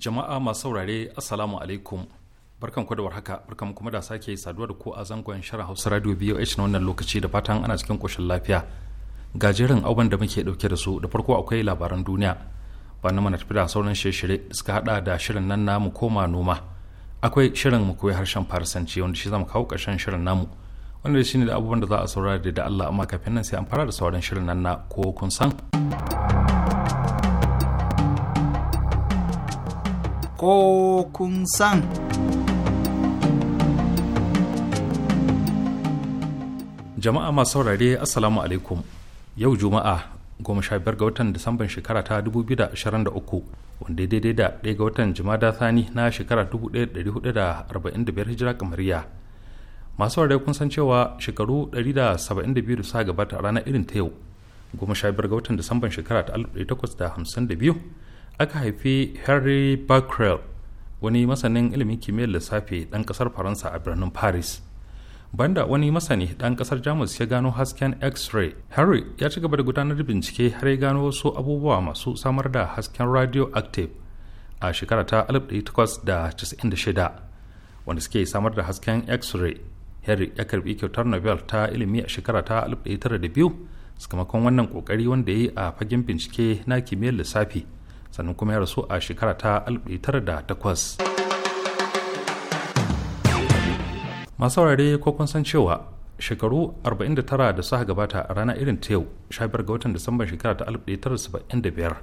jama'a masu saurare assalamu alaikum barkan ku da warhaka barkan kuma da sake saduwa da ku a zangon shirin hausa radio boh na wannan lokaci da fatan ana cikin koshin lafiya ga jerin da muke dauke da su da farko akwai labaran duniya ba na mana tafi da sauran shirye-shirye suka hada da shirin nan namu koma noma akwai shirin mu koyi harshen farisanci wanda shi zamu kawo karshen shirin namu wanda shine da abubuwan da za a saurara da Allah amma kafin nan sai an fara da sauran shirin nan na ko kun san ko kun san. Jama'a masu saurare Assalamu alaikum yau Juma'a goma sha biyar ga watan Disamban shekara ta dubu biyu da da ashirin uku wanda daidai da ɗaya ga watan Jumada Thani na shekara dubu da da da arba'in biyar hijira kamariya. Masu saurare kun san cewa shekaru ɗari da saba'in da da biyu suka gabata a ranar irin ta yau goma sha biyar ga watan Disamban shekara ta alif takwas da da hamsin biyu. aka haifi harry becquerel wani masanin ilimin kimiyyar lissafi ɗan ƙasar faransa a birnin paris banda wani masani ɗan ƙasar jamus ya gano hasken x-ray harry ya ci gaba da gudanar bincike har ya gano wasu abubuwa masu samar da hasken radioactive a shekara ta 1896 wanda suke samar da hasken x-ray harry ya karbi kyautar nobel ta ilimi a shekara ta 1902 sakamakon wannan kokari wanda ya yi a fagen bincike na kimiyyar lissafi sannan kuma ya rasu a shekara ta 1908 masu saurare ko kun san cewa shekaru 49 da suka gabata a ranar irin ta yau 15 ga watan disamban shekara ta 1975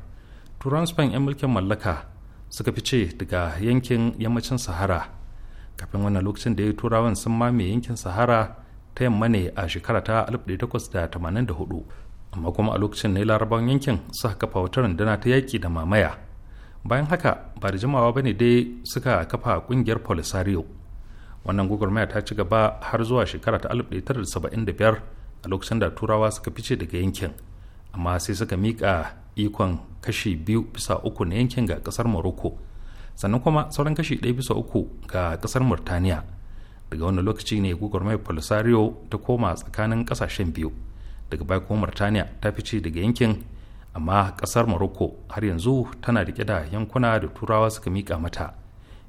turan spain 'yan mulkin mallaka suka fice daga yankin yammacin sahara kafin wannan lokacin da ya turawan sun mame yankin sahara ta yamma ne a shekara ta 1884 amma kuma a lokacin ne larabawan yankin suka kafa wata rundana ta yaki da mamaya bayan haka ba da jimawa ba ne dai suka kafa ƙungiyar polisario wannan gwagwarmaya ta ci gaba har zuwa shekara ta 1975 a lokacin da turawa suka fice daga yankin amma sai suka mika ikon kashi biyu bisa uku na yankin ga ƙasar morocco sannan kuma sauran kashi ɗaya bisa uku ga ƙasar murtaniya daga wani lokaci ne gugurmaya polisario ta koma tsakanin ƙasashen biyu daga baya martaniya ta fice daga yankin amma kasar morocco har yanzu tana rike da yankuna da turawa suka mika mata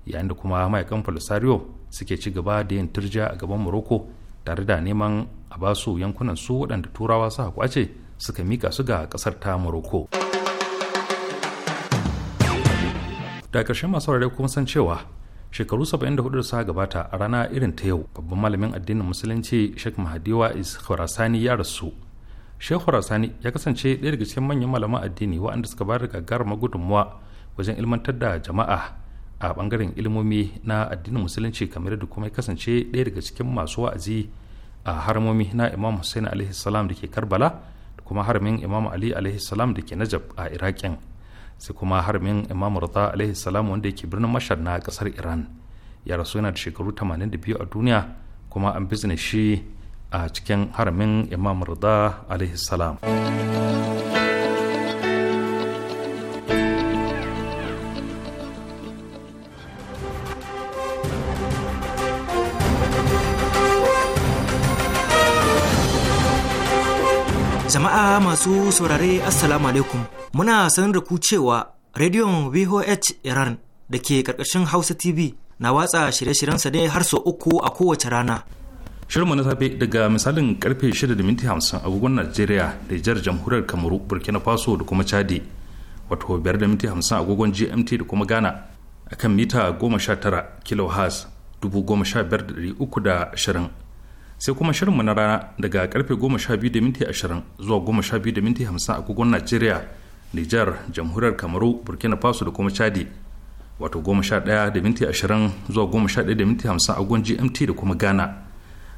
yayin da kuma mayakan polisario suke ci gaba da yin turja a gaban morocco tare da neman a su yankunan su waɗanda turawa suka kwace suka mika su ga kasar ta morocco da ƙarshen masu rarrai kuma san cewa shekaru 74 da suka gabata a rana irin ta yau babban malamin addinin musulunci sheikh mahadiwa is khurasani ya rasu shehu rasani ya kasance ɗaya daga cikin manyan malaman addini waɗanda suka bayar da gagarumar gudunmuwa wajen ilmantar da jama'a a ɓangaren ilmomi na addinin musulunci kamar da kuma ya kasance ɗaya daga cikin masu wa'azi a haramomi na imam hussein alaihi salam da ke karbala da kuma haramin imam ali alaihi salam da ke najab a iraƙin sai kuma haramin imam rata alaihi salam wanda yake birnin mashar na ƙasar iran ya rasu yana da shekaru tamanin da biyu a duniya kuma an bizne shi a cikin haramin imam rida alaihi salam jama'a masu saurare assalamu alaikum muna sanar da ku cewa rediyon voh iran da ke karkashin hausa tv na watsa shirye-shiryensa ne har sau uku a kowace rana Shirma na safe daga misalin karfe 6:50 agogon Najeriya da jihar jamhuriyar Kamaru, Burkina Faso da kuma Chadi, wato 5:50 agogon GMT da kuma Ghana a kan mita 19 kHz 15320. Sai kuma shirinmu na rana daga karfe 12:20 zuwa 12:50 agogon Najeriya, Nijar, jamhuriyar Kamaru, Burkina Faso da kuma Chadi. Wato 11:20 zuwa 11:50 agogon GMT da kuma Ghana.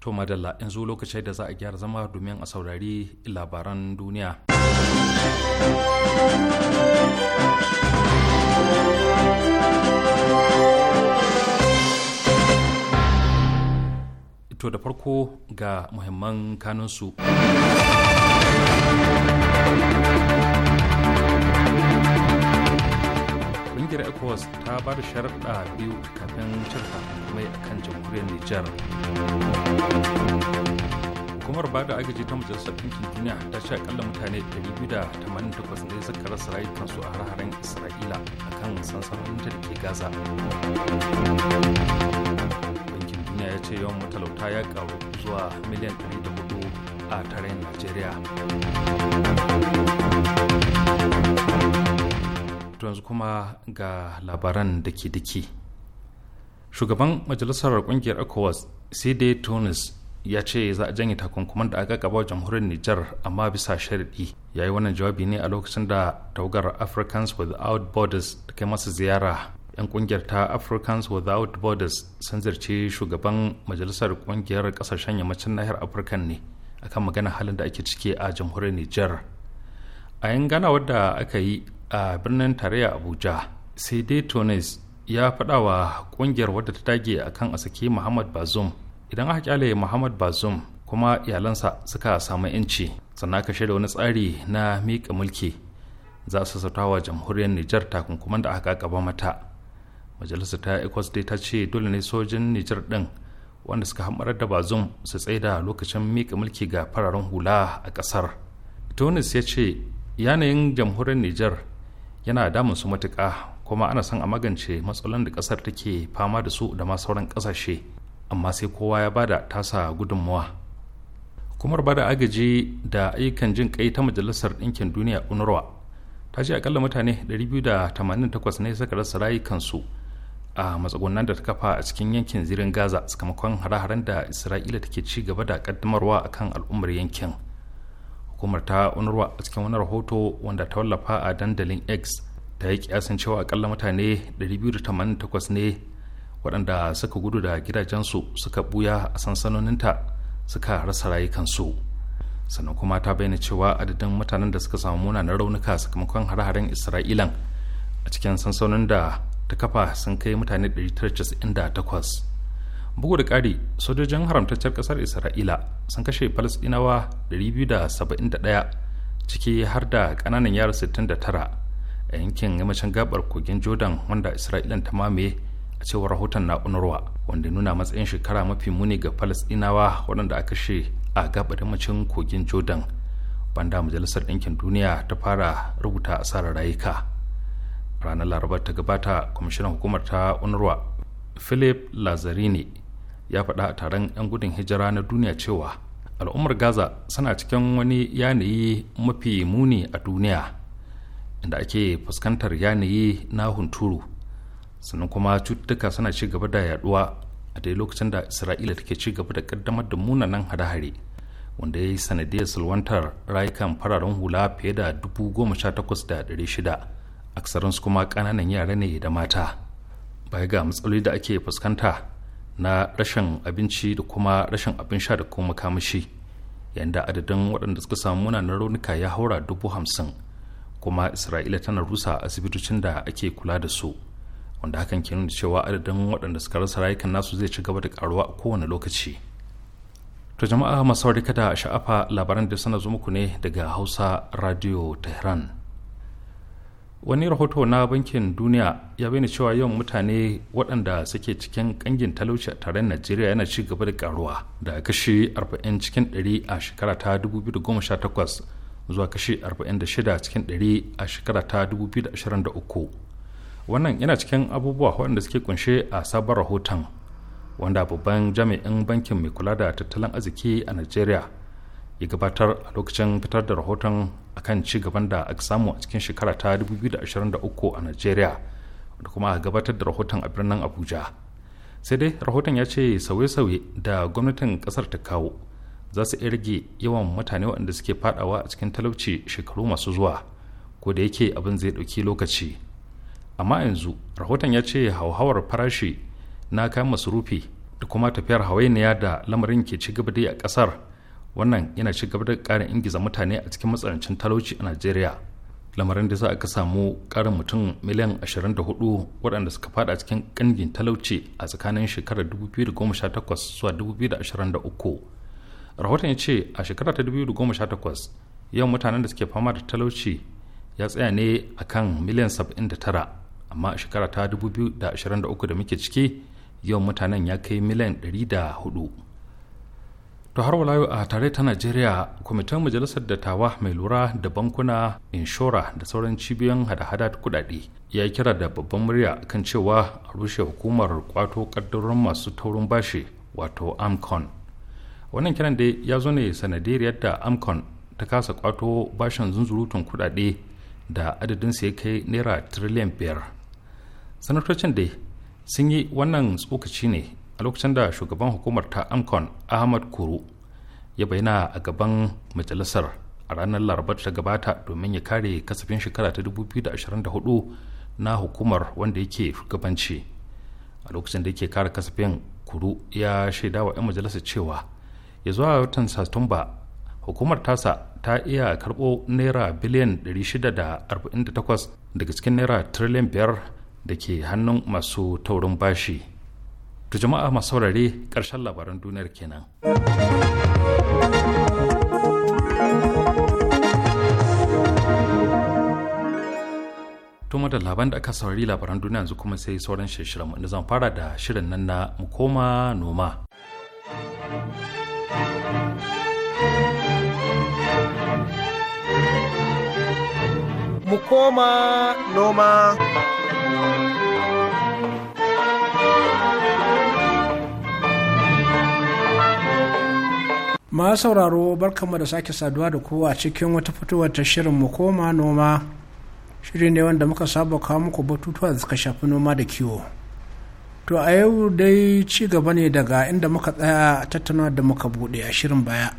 to madalla yanzu lokacin da za a gyara zama domin a saurari labaran duniya to da farko ga muhimman kanunsu ƙungiyar ecowas ta ba da sharaɗa biyu kafin cin mai a kan jamhuriyar nijar hukumar ba da agaji ta majalisar ɗinkin duniya ta ce akalla mutane 288 ne suka rasa rayukansu a har isra'ila a kan sansanin da ke gaza bankin duniya ya ce yawan matalauta ya ƙaru zuwa miliyan 104 a tarayin najeriya to yanzu kuma ga labaran da ke dake shugaban majalisar kungiyar ecowas cd tunis ya ce za a janye takunkuman da aka gaba jamhuriyar niger amma bisa sharadi ya yi wannan jawabi ne a lokacin da tawagar africans without borders ta kai masa ziyara 'yan kungiyar ta africans without borders sun zarce shugaban majalisar kungiyar kasashen yammacin nahiyar afirka ne akan magana halin da ake ciki a jamhuriyar niger a yin ganawar da aka yi a birnin tarayya abuja sai dai tunis ya faɗa wa ƙungiyar wadda ta dage akan a saki muhammad bazum idan aka kyale muhammad bazum kuma iyalansa suka samu yanci sannan aka shaida wani tsari na miƙa mulki za su wa jamhuriyar nijar takunkuman da aka gaba mata majalisar ta ecos dai ta ce dole ne sojin nijar ɗin wanda suka hamarar da bazum su tsaida lokacin miƙa mulki ga fararen hula a ƙasar tunis ya ce yanayin jamhuriyar nijar yana damun su matuƙa kuma ana son a magance matsalolin da ƙasar take fama da su da ma sauran ƙasashe amma sai kowa ya bada tasa gudunmawa kumar bada agaji da ayyukan jin kai ta majalisar ɗinkin duniya unurwa ta ce akalla mutane 288 ne suka rasa rayukansu a matsagunan da ta kafa a cikin yankin zirin gaza sakamakon hare-haren da isra'ila take ci gaba da kaddamarwa akan al'ummar yankin hukumar ta unurwa a cikin wani rahoto wanda ta wallafa a dandalin x ta yi kiyasin cewa akalla mutane 288 ne waɗanda suka gudu da gidajensu suka buya a sansanoninta suka rasa rayukansu sannan kuma ta bayyana cewa adadin mutanen da suka samu munanan raunuka sakamakon hare-haren isra'ilan a cikin sansanonin da ta kafa sun kai mutane 198 bugu da ƙari sojojin haramtaccen ƙasar isra'ila sun kashe falasɗinawa 271 ciki har da ƙananan yara 69 a yankin yammacin gabar kogin jordan wanda isra'ila ta mamaye a cewar rahoton na unurwa wanda nuna matsayin shekara mafi muni ga falasɗinawa waɗanda a kashe a gabar yammacin kogin jordan banda majalisar ɗinkin duniya ta fara rubuta asarar rayuka ranar laraba ta gabata kwamishinan hukumar ta unurwa philip lazarini ya faɗa a taron 'yan gudun hijira na duniya cewa al'ummar gaza suna cikin wani yanayi mafi muni a duniya inda ake fuskantar yanayi na hunturu sannan kuma cututtuka suna ci gaba da yaduwa a dai lokacin da isra'ila take ci gaba da kaddamar da munanan hare-hare wanda ya yi sanadiyar salwantar rayukan fararen hula fiye da dubu goma sha takwas da shida aksarinsu kuma ƙananan yara ne da mata baya ga matsaloli da ake fuskanta na rashin abinci da kuma rashin abin sha da kuma makamashi yadda adadin waɗanda suka samu munanan raunuka ya haura dubu hamsin kuma isra'ila tana rusa asibitocin da ake kula da su wanda hakan ke nuna cewa adadin waɗanda suka rasa rayukan nasu zai ci gaba da karuwa a kowane lokaci to jama'a masu kada sha'afa labaran da sana zo muku ne daga hausa radio tehran wani rahoto na bankin duniya ya bayyana cewa yawan mutane waɗanda suke cikin ƙangin talauci a taron najeriya yana ci gaba da karuwa da kashi 40 cikin 100 a shekara ta 2018 zuwa kashi 46 cikin 100 a shekara ta 2023 wannan yana cikin abubuwa waɗanda suke kunshe a sabon rahoton wanda babban jami'in bankin mai kula da tattalin arziki a najeriya ya gabatar a lokacin fitar da rahoton akan ci gaban da aka samu a cikin shekara ta 2023 a Najeriya da kuma a gabatar da rahoton a birnin Abuja. Sai dai rahoton ya ce sauye-sauye da gwamnatin kasar ta kawo za su rage yawan mutane waɗanda suke fadawa a cikin talauci shekaru masu zuwa ko da yake abin zai ɗauki lokaci. Amma yanzu rahoton ya ce hauhawar farashi na kayan masurufi da kuma tafiyar hawainiya da lamarin ke ci gaba dai a ƙasar wannan yana ci gaba da ƙarin ingiza mutane a cikin matsanancin talauci a najeriya lamarin da za a samu ƙarin mutum miliyan 24 waɗanda suka fada cikin ƙangin talauci a tsakanin shekarar 2018 zuwa 2023 rahoton ya ce a shekarar ta 2018 yawan mutanen da suke fama da talauci ya tsaya ne a kan miliyan 79 amma a shekara ta 2023 da muke ciki yawan mutanen ya kai miliyan 104 to har walayo a tare ta najeriya kwamitin majalisar dattawa mai lura da bankuna inshora da sauran cibiyoyin hada-hada kudade ya yi kira da babban murya kan cewa a rushe hukumar kwato kaddarorin masu taurin bashi wato amcon wannan kiran da ya zo ne sanadiyar yadda amcon ta kasa kwato bashin zunzurutun kudade da adadin ya kai naira tiriliyan biyar sanatocin dai sun yi wannan tsokaci ne a lokacin da shugaban hukumar ta amcon ahmad kuru ya bayyana a gaban majalisar a ranar larabar ta gabata domin ya kare kasafin shekara ta 2024 na hukumar wanda yake shugabanci a lokacin da yake kare kasafin kuru ya shaida wa 'yan majalisar cewa ya zuwa watan satumba hukumar tasa ta iya karbo naira biliyan 648 daga cikin naira trillion 5 da ke hannun masu taurin bashi To jama'a masu saurare ƙarshen labaran duniyar kenan. Tuma da labaran da aka saurari labaran duniya yanzu kuma sai sauran shirin inda zan fara da shirin nan na mu koma noma. Mu koma noma. ma sauraro barkanmu da sake saduwa da a cikin wata fitowar ta shirin mu koma noma shiri ne wanda muka saba kawo muku batutuwa da suka shafi noma da kiwo to a yau dai ci gaba ne daga inda muka tsaya tattauna da muka bude a shirin baya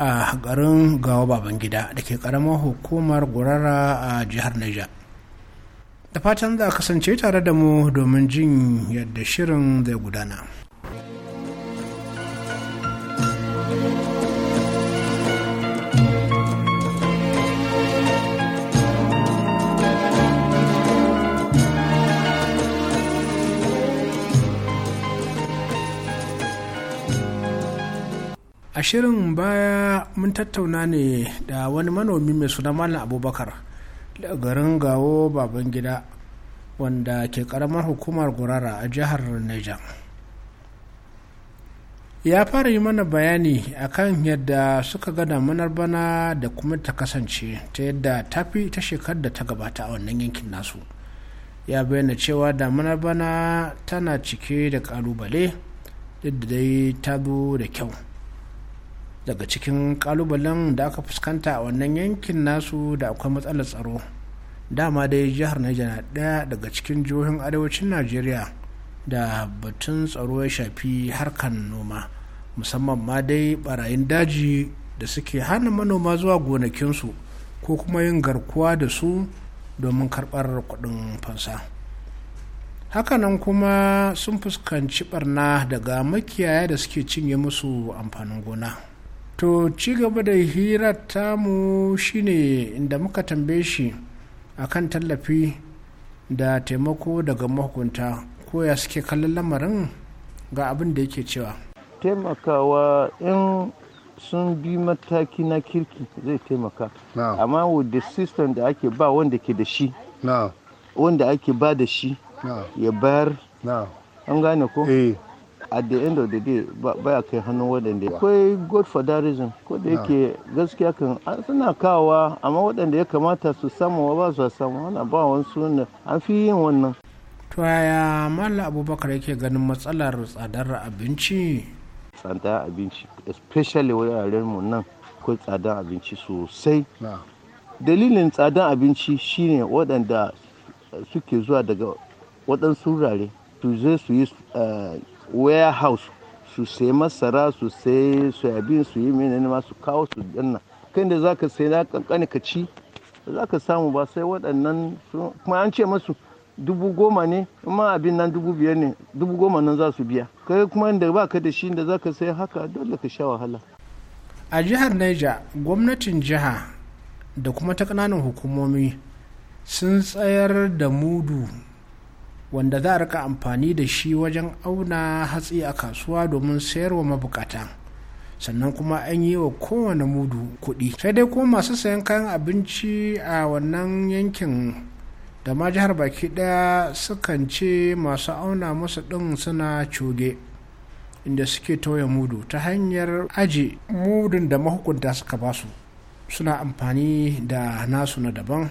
a garin gawa baban gida da ke karamar hukumar gurara a jihar Niger. da fatan za a kasance tare da mu domin jin yadda shirin zai gudana. a shirin baya mun tattauna ne da wani manomi mai suna malam abubakar da garin gawo baban gida wanda ke karamar hukumar gurara a jihar niger ya fara yi mana bayani akan yadda suka ga damunar bana da kuma ta kasance ta yadda tafi ta shekar da ta gabata a wannan yankin nasu ya bayyana cewa damunar bana tana cike da kalubale duk da dai ta zo da kyau daga cikin kalubalen da aka fuskanta a wannan yankin nasu da akwai matsalar tsaro dama dai jihar Niger na ɗaya daga cikin jihohin arewacin najeriya da batun tsaro ya shafi harkar noma musamman ma dai barayin daji da suke hana manoma zuwa gonakinsu ko kuma yin garkuwa da su domin karɓar kuɗin fansa hakanan kuma sun fuskanci barna daga makiyaya da suke cinye musu amfanin gona to ci gaba da hirar tamu shine inda muka tambaye shi akan tallafi da taimako daga mahukunta ko ya suke kallon lamarin ga abin da yake cewa taimakawa in sun bi mataki na kirki zai taimaka amma with the system da ake ba wanda ke da shi wanda ake ba da shi ya bayar an gane ko eh. at the end of the day baya kai hannun waɗanda akwai good for that reason ko da yake gaskiya kan suna kawa amma waɗanda ya kamata su samu ba su samu ana ba wasu an fi yin wannan to yaya mallam abubakar yake ganin matsalar tsadar abinci tsadar abinci especially wuraren mu nan akwai tsadar abinci sosai dalilin tsadar abinci shine waɗanda suke zuwa daga waɗansu wurare su je su yi eh, warehouse su sai masara su sai soyabin su yi menene ma su kawo su danna kan da zaka sai na kankani ka ci za samu ba sai waɗannan kuma an ce masu dubu goma ne ma abin nan dubu biyar ne dubu goma nan za su biya kai kuma inda ba ka da shi da zaka ka sai haka dole ka sha wahala a jihar Niger gwamnatin jiha da kuma ta ƙananan hukumomi sun tsayar da mudu wanda za a rika amfani da shi wajen auna hatsi a kasuwa domin sayarwa mabukata sannan kuma an yi wa kowane mudu kuɗi sai dai kuma masu sayan kayan abinci a wannan yankin da ma jihar baki ɗaya sukan ce masu auna musu ɗin suna coge inda suke toya mudu ta hanyar aji mudun da mahukunta suka basu suna amfani da nasu na daban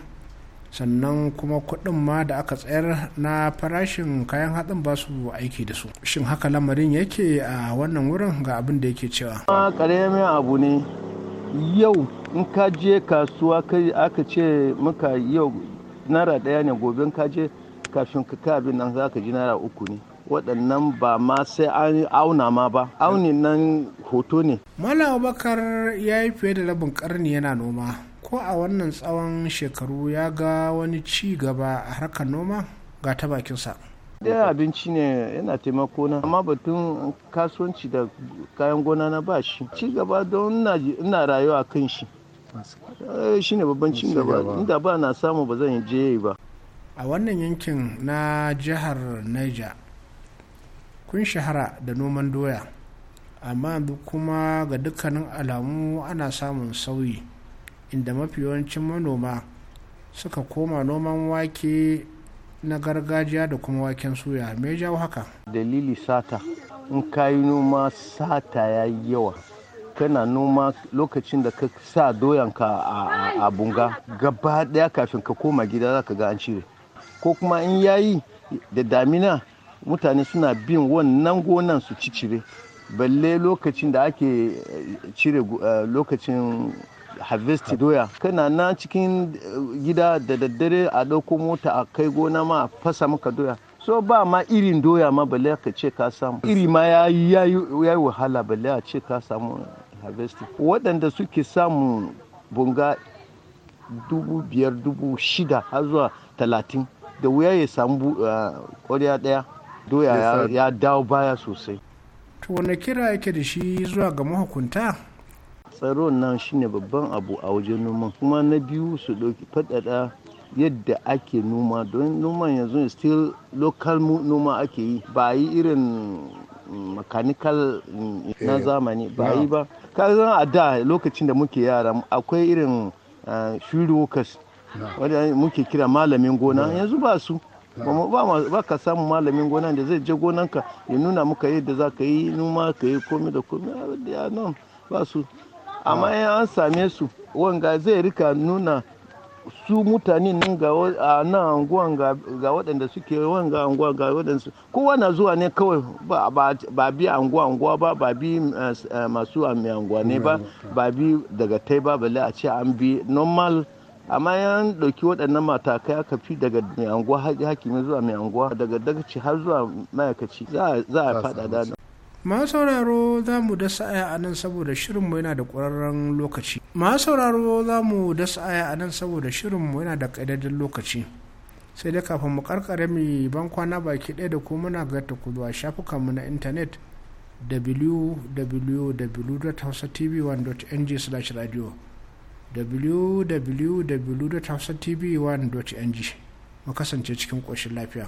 sannan kuma kuɗin ma da aka tsayar na farashin kayan hatsin ba su aiki da su shin haka lamarin yake a wannan wurin ga abin da yake cewa ƙaramin abu ne yau in ka je kasuwa aka ce maka yau naira ɗaya ne gobe ka je kafin ka kabin nan za ka ji naira uku ne waɗannan ba ma sai an auna ma ba auni nan hoto ne malam bakar ya yi fiye da rabin karni yana noma ko a wannan tsawon shekaru ya ga wani ci gaba a harkar noma ga ta bakinsa ɗaya abinci ne yana taimako na amma batun kasuwanci da kayan gona na ba shi ci gaba don ina rayuwa kan shi eh, shi ne babban ci gaba inda ba na samu ba zan je ba a wannan yankin na jihar niger kun shahara da noman doya amma kuma ga dukkanin alamu ana samun sauyi inda mafi yawancin manoma suka koma noman wake na gargajiya da kuma waken suya mai jawo haka dalili sata in ka yi noma sata ya yi yawa kana noma lokacin da ka sa doyanka a bunga gaba daya kafin ka koma gida za ka ga an cire ko kuma in yayi da damina mutane suna bin wannan gonan su ci cire balle lokacin da ake eh, cire eh, lokacin harvest doya kana na cikin eh, gida da daddare a ɗauko mota a kai gona ma a fasa maka doya so ba ma irin doya ma balle ka ce ka samu iri ma ya yi wahala balle a ce ka samu harvest waɗanda suke samu bunga dubu biyar dubu shida har zuwa talatin da wuya ya samu eh, ƙwariya ɗaya doya ya dawo baya sosai wane kira yake da shi zuwa ga mahukunta tsaron nan shine babban abu a wajen noma kuma na biyu su ɗauki faɗaɗa yadda ake noma don noma yanzu still local noma ake yi ba yi irin mm, mechanical mm, na eh, zamani ba yi ba kaga a da lokacin da muke yara akwai irin eh, shuri workers wadda muke kira malamin gona yanzu ba su ba ka samu malamin gona da zai je gonanka ya nuna muka yadda za ka yi noma ka yi komi da komi ba su amma ah. in an same su wanga zai rika nuna su mutane nan ga a anguwan ga waɗanda suke wanga anguwa ga waɗansu kowa na zuwa ne kawai ba bi anguwa anguwa ba ba bi eh, eh, masu ami anguwa ne ba mm, mm. ba bi daga tai ba bale a ce an bi normal amma yan ɗauki waɗannan matakai aka fi daga mai anguwa hakimi zuwa mai anguwa daga dagaci har zuwa ma'aikaci za a faɗaɗa ma sauraro za mu dasa aya a nan saboda shirinmu yana da ƙwararren lokaci ma sauraro za mu dasa aya a nan saboda shirinmu yana da ƙaidaddin lokaci sai dai kafin mu karkare mu ban kwana baki ɗaya da ku muna ga ta kudu shafukanmu na intanet www.hausatv1.ng/radio www.hausatv1.ng mu kasance cikin ƙoshin lafiya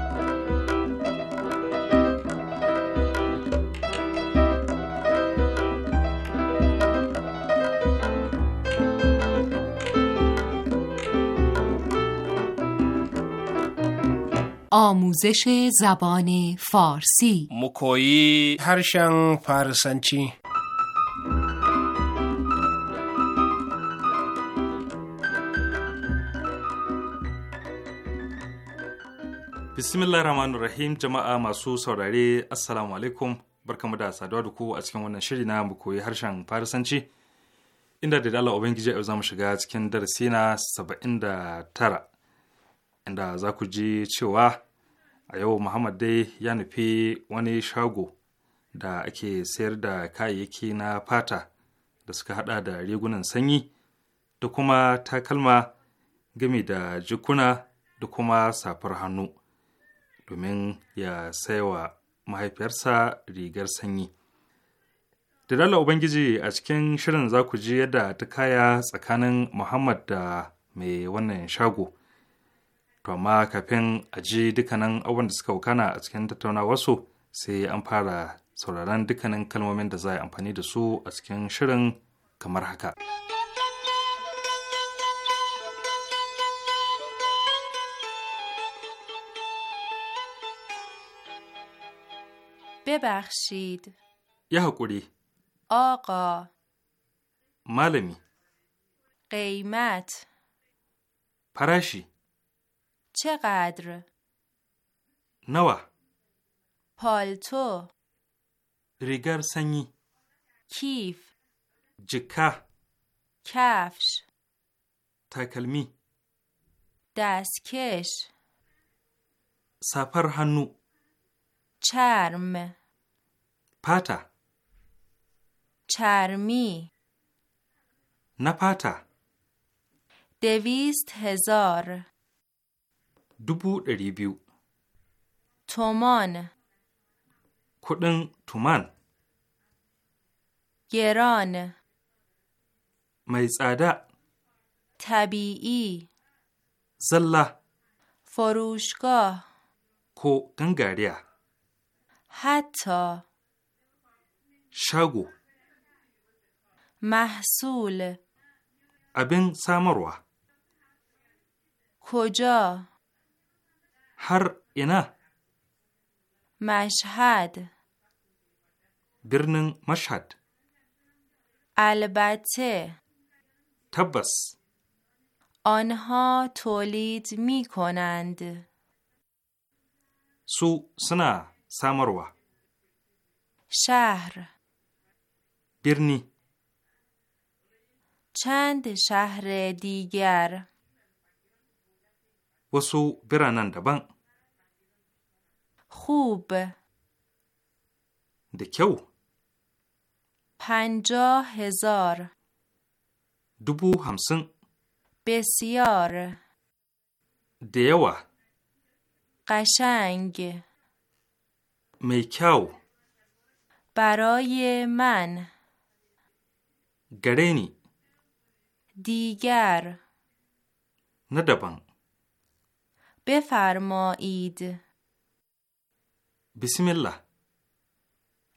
آموزش زبان فارسی مکویی هرشن فارسنچی bismillah rahmanu rahim jama'a masu saurare assalamu alaikum barkamu da saduwa da ku a cikin wannan shiri na mu koyi harshen farisanci inda da dala ubangiji yau za mu shiga cikin darasi na saba'in da tara inda za ku ji cewa a yau muhammad dai ya nufi wani shago da ake sayar da kayayyaki na fata da suka hada da rigunan sanyi da kuma takalma gami da jikuna da kuma safar hannu domin ya saiwa mahaifiyarsa rigar sanyi. Da dala Ubangiji a cikin shirin za ku ji yadda ta kaya tsakanin Muhammad da mai wannan shago, to amma kafin a ji dukkanin abin da suka wakana a cikin wasu, sai an fara sauraron dukkanin kalmomin da za a amfani da su a cikin shirin kamar haka. ببخشید یه حقوری آقا معلمی قیمت پرشی چقدر؟ نوا پالتو ریگر سنی کیف جکه کفش تکلمی دستکش سفر هنو چرم پاتا چرمی نپاتا دویست هزار dubu ɗari biyu. Tomon. Kuɗin tuman. Geron. Mai tsada. Tabi'i. Zalla. Forushka. Ko gangariya. Hatta. Shago. Mahsul. Abin samarwa. کجا؟ هر اینا مشهد برنن مشهد البته تبس آنها تولید می کنند سو سنا سامروا شهر برنی چند شهر دیگر وسو برانن دبن خوب دکو پنجاه هزار دوبو همسن بسیار دیوه قشنگ میکاو برای من گرینی دیگر ندبن بفرمایید بسم الله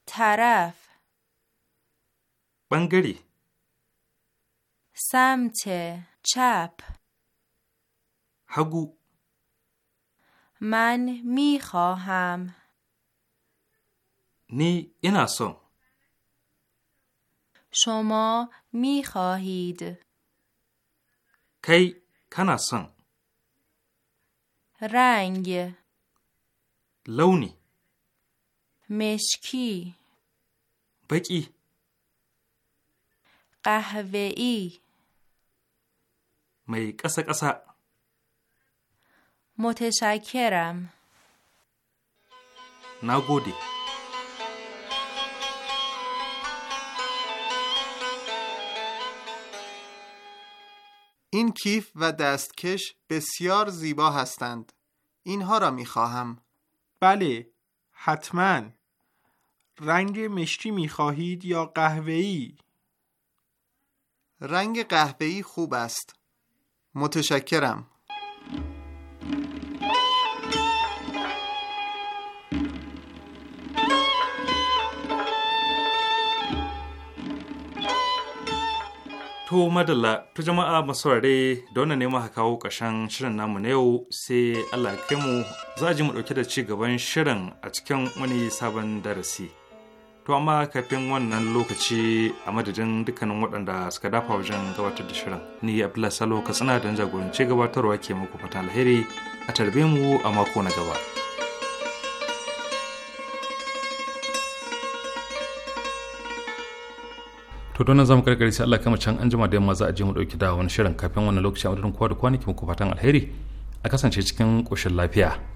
طرف بنگری سمت چپ هگو من می خواهم نی این شما می خواهید کی کناسان رنگ لونی مشکی بکی قهوه‌ای mai ƙasa-ƙasa. Mote shakeram. Na gode. این کیف و دستکش بسیار زیبا هستند. اینها را می خواهم. بله، حتما. رنگ مشکی می خواهید یا قهوه‌ای؟ رنگ قهوه‌ای خوب است. متشکرم. To madalla to jama'a masaurare da wannan ne muka kawo shirin namu na yau sai Allah ya kai mu za ji mu ɗauke da ci gaban shirin a cikin wani sabon darasi. To amma kafin wannan lokaci a madadin dukkanin waɗanda suka dafa wajen gabatar da shirin ni Abdullahi Salo Katsina don jagoranci gabatarwa ke muku fata alheri a tarbe mu a mako na gaba. to don nan zamu karkare sai Allah kama can anjima da yamma za a je mu dauki da wani shirin kafin wannan lokacin a madadin kowa da kwanaki muku fatan alheri a kasance cikin koshin lafiya